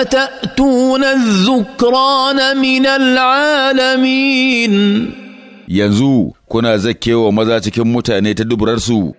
أتأتون الذكران من العالمين ينزو كنا زكي ومزاتك متاني تدبررسو